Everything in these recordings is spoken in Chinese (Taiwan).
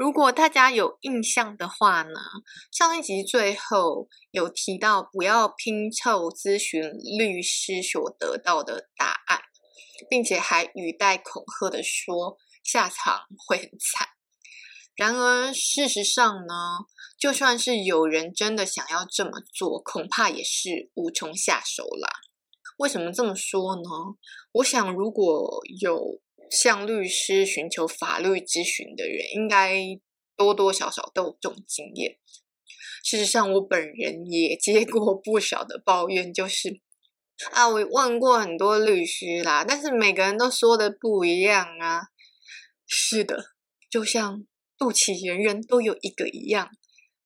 如果大家有印象的話呢，上一集最後有提到不要拼湊諮詢律師所得到的答案，並且還語帶恐嚇的說下場會很慘。然而事實上呢，就算是有人真的想要這麼做，恐怕也是無從下手啦。為什麼這麼說呢？我想如果有。向律師尋求法律諮詢的人，應該多多少少都有這種經驗。事實上，我本人也接過不少的抱怨，就是啊，我問過很多律師啦，但是每個人都說的不一樣啊。是的，就像肚臍人人都有一個一樣，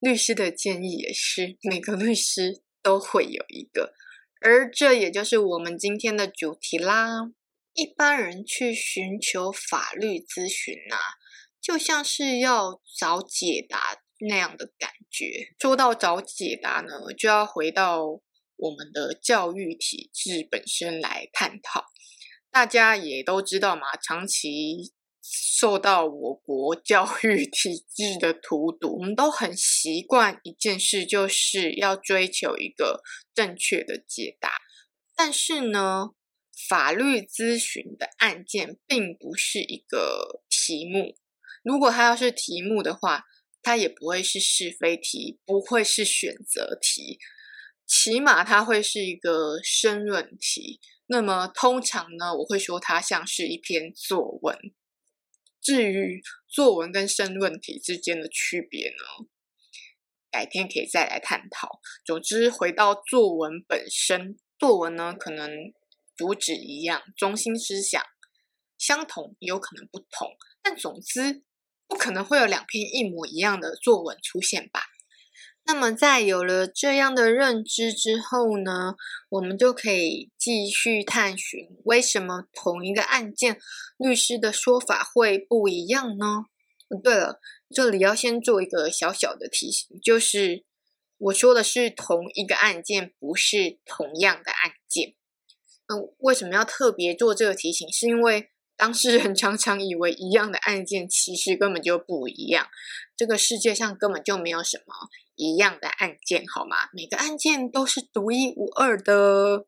律師的建議也是每個律師都會有一個，而這也就是我們今天的主題啦。一般人去尋求法律諮詢啊，就像是要找解答那樣的感覺。說到找解答呢，就要回到我們的教育體制本身來探討。大家也都知道嘛，長期受到我國教育體制的荼毒，我們都很習慣一件事，就是要追求一個正確的解答。但是呢，法律諮詢的案件並不是一個題目，如果它要是題目的話，它也不會是是非題，不會是選擇題，起碼它會是一個申論題。那麼，通常呢，我會說它像是一篇作文。至於作文跟申論題之間的區別呢，改天可以再來探討。總之，回到作文本身，作文呢，可能，主旨一樣，中心思想相同，也有可能不同，但總之不可能會有兩篇一模一樣的作文出現吧？那麼，在有了這樣的認知之後呢，我們就可以繼續探尋，為什麼同一個案件律師的說法會不一樣呢？對了，這裡要先做一個小小的提醒，就是我說的是同一個案件，不是同樣的案件。為什麼要特別做這個提醒？是因為當事人常常以為一樣的案件其實根本就不一樣，這個世界上根本就沒有什麼一樣的案件，好嗎？每個案件都是獨一無二的。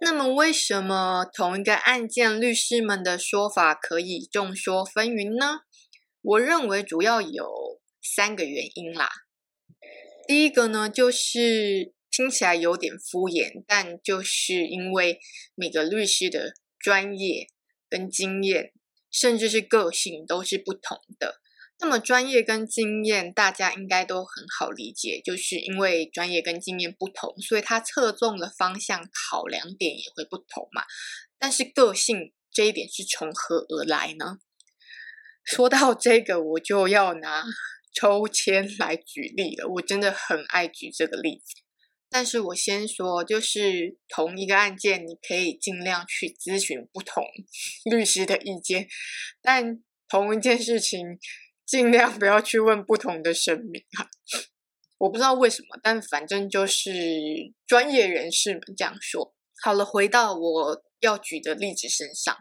那麼，為什麼同一個案件，律師們的說法可以眾說紛紜呢？我認為主要有三個原因啦。第一個呢，就是。聽起來有點敷衍，但就是因為每個律師的專業跟經驗，甚至是個性都是不同的。那麼專業跟經驗大家應該都很好理解，就是因為專業跟經驗不同，所以他側重的方向考量點也會不同嘛。但是個性這一點是從何而來呢？說到這個，我就要拿抽籤來舉例了。我真的很愛舉這個例子。但是我先說，就是同一個案件，你可以盡量去諮詢不同律師的意見，但同一件事情，盡量不要去問不同的神明哈。我不知道為什麼，但反正就是專業人士們這樣說。好了，回到我要舉的例子身上，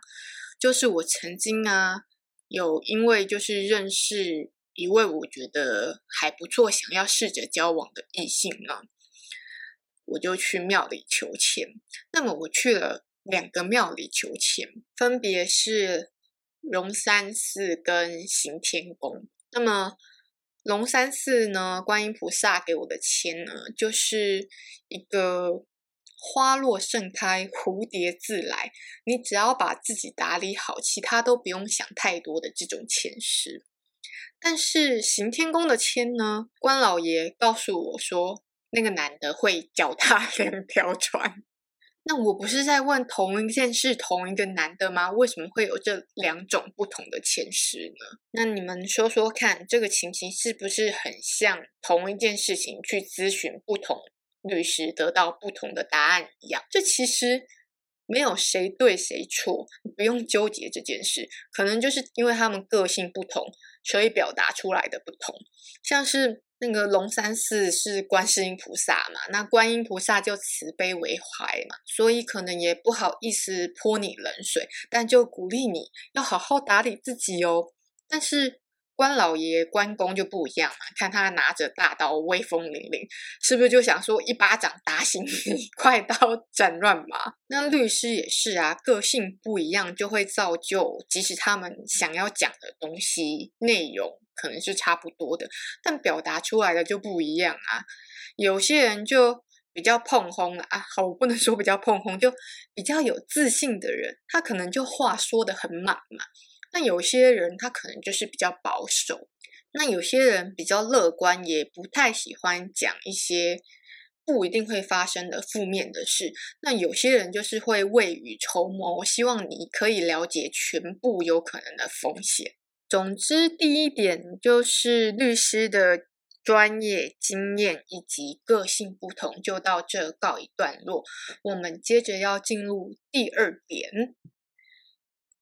就是我曾經啊，有因為就是認識一位我覺得還不錯，想要試着交往的異性呢。我就去廟裡求籤。那麼我去了兩個廟裡求籤，分別是龍山寺跟行天宮。那麼龍山寺呢，觀音菩薩給我的籤呢，就是一個“花落盛開，蝴蝶自來”，你只要把自己打理好，其他都不用想太多的這種籤詩。但是行天宮的籤呢，關老爺告訴我說。那個男的會腳踏兩條船，那我不是在問同一件事、同一個男的嗎？為什麼會有這兩種不同的詮釋呢？那你們說說看，這個情形是不是很像同一件事情去諮詢不同律師得到不同的答案一樣？這其實沒有誰對誰錯，不用糾結這件事。可能就是因為他們個性不同，所以表達出來的不同，像是。那個龍山寺是觀世音菩薩嘛？那觀音菩薩就慈悲為懷嘛，所以可能也不好意思潑你冷水，但就鼓勵你要好好打理自己哦。但是關老爺、關公就不一樣嘛，看他拿着大刀威風凛凛，是不是就想說一巴掌打醒你，快刀斬亂麻？那律師也是啊，個性不一樣就會造就，即使他們想要講的東西內容。可能是差不多的，但表達出來的就不一樣啊。有些人就比較膨風了啊，啊。好，我不能說比較膨風，就比較有自信的人，他可能就話說的很滿嘛。那有些人他可能就是比較保守。那有些人比較樂觀，也不太喜歡講一些不一定會發生的負面的事。那有些人就是會未雨綢繆，希望你可以了解全部有可能的風險。總之，第一點就是律師的專業經驗以及個性不同，就到這告一段落。我們接着要進入第二點，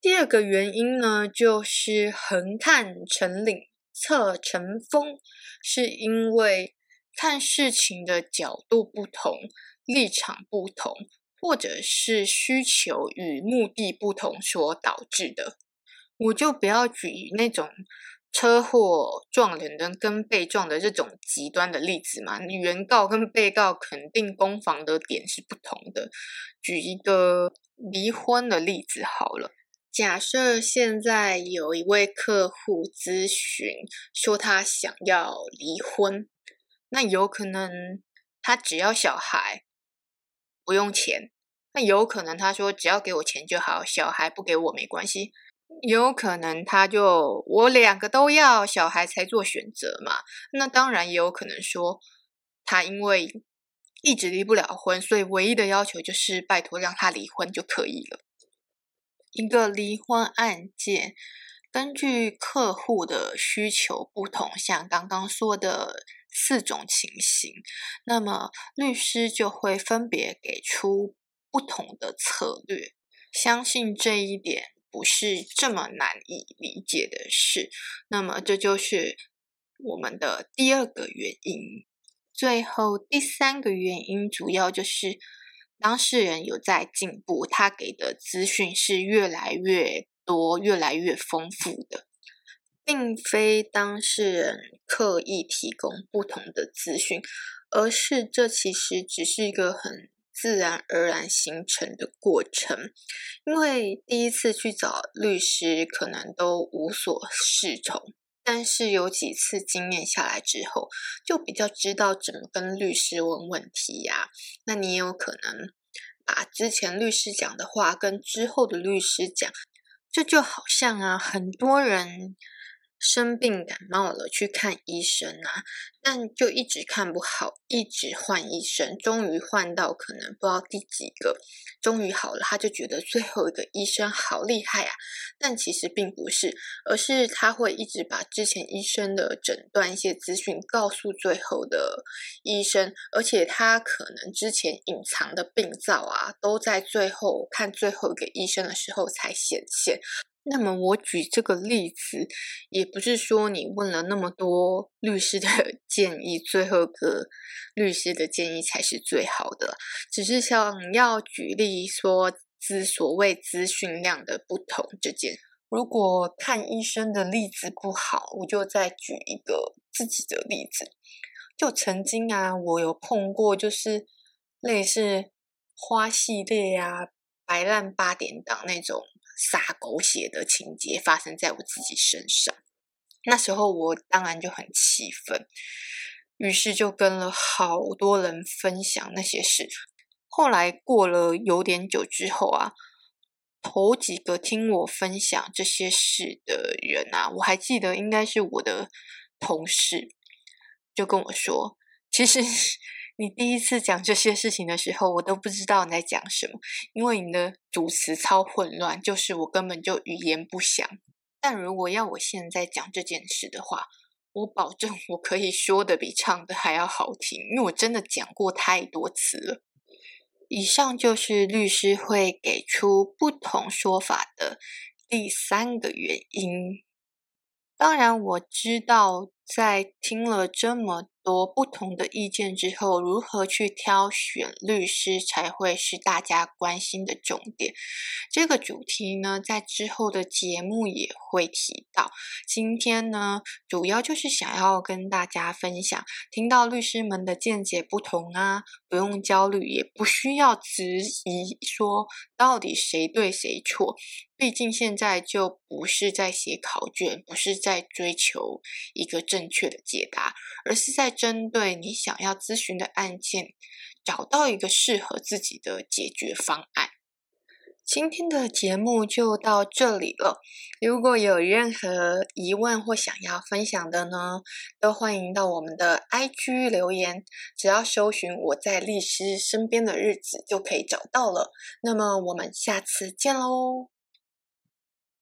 第二個原因呢，就是橫看成嶺側成峰，是因為看事情的角度不同、立場不同，或者是需求與目的不同所導致的。我就不要舉那種車禍撞人的跟被撞的這種極端的例子嘛。原告跟被告肯定攻防的點是不同的。舉一個離婚的例子好了。假設現在有一位客戶諮詢，說他想要離婚，那有可能他只要小孩，不用錢；那有可能他說只要給我錢就好，小孩不給我沒關係。有可能他就我兩個都要小孩，才做選擇嘛，那當然也有可能說他因為一直離不了婚，所以唯一的要求就是拜託讓他離婚就可以了。一個離婚案件，根據客戶的需求不同，像剛剛說的四種情形，那麼律師就會分別給出不同的策略，相信這一點。不是這麼難以理解的事，那麼這就是我們的第二個原因。最後第三個原因，主要就是當事人有在進步，他給的資訊是越來越多、越來越豐富的，並非當事人刻意提供不同的資訊，而是這其實只是一個很。自然而然形成的過程，因為第一次去找律師，可能都無所適從。但是有幾次經驗下來之後，就比較知道怎麼跟律師問問題呀、啊。那你也有可能把之前律師講的話跟之後的律師講，這就，就好像啊，很多人。生病感冒了去看醫生啊，但就一直看不好，一直換醫生，終於換到可能不知道第幾個，終於好了。他就覺得最後一個醫生好厲害啊，但其實並不是，而是他會一直把之前醫生的診斷一些資訊告訴最後的醫生，而且他可能之前隱藏的病灶啊，都在最後看最後一個醫生的時候才顯現。那麼我舉這個例子，也不是說你問了那麼多律師的建議，最後個律師的建議才是最好的，只是想要舉例說之所謂資訊量的不同之間。如果看醫生的例子不好，我就再舉一個自己的例子。就曾經啊，我有碰過，就是類似花系列呀、啊、白爛八點檔那種。撒狗血的情節發生在我自己身上，那時候我當然就很氣憤，於是就跟了好多人分享那些事。後來過了有點久之後啊，頭幾個聽我分享這些事的人啊，我還記得應該是我的同事，就跟我說，其實。你第一次講這些事情的時候，我都不知道你在講什麼，因為你的主詞超混亂，就是我根本就語言不詳。但如果要我現在講這件事的話，我保證我可以說的比唱的還要好聽，因為我真的講過太多次了。以上就是律師會給出不同說法的第三個原因。當然，我知道在聽了這麼。多不同的意見之後，如何去挑選律師才會是大家關心的重點。這個主題呢，在之後的節目也會提到。今天呢，主要就是想要跟大家分享，聽到律師們的見解不同啊，不用焦慮，也不需要質疑，說到底誰對誰錯。畢竟現在就不是在寫考卷，不是在追求一個正確的解答，而是在。針對你想要諮詢的案件，找到一個適合自己的解決方案。今天的節目就到這裡了。如果有任何疑問或想要分享的呢，都歡迎到我們的 IG 留言，只要搜尋我在律師身邊的日子就可以找到了。那麼我們下次見嘍！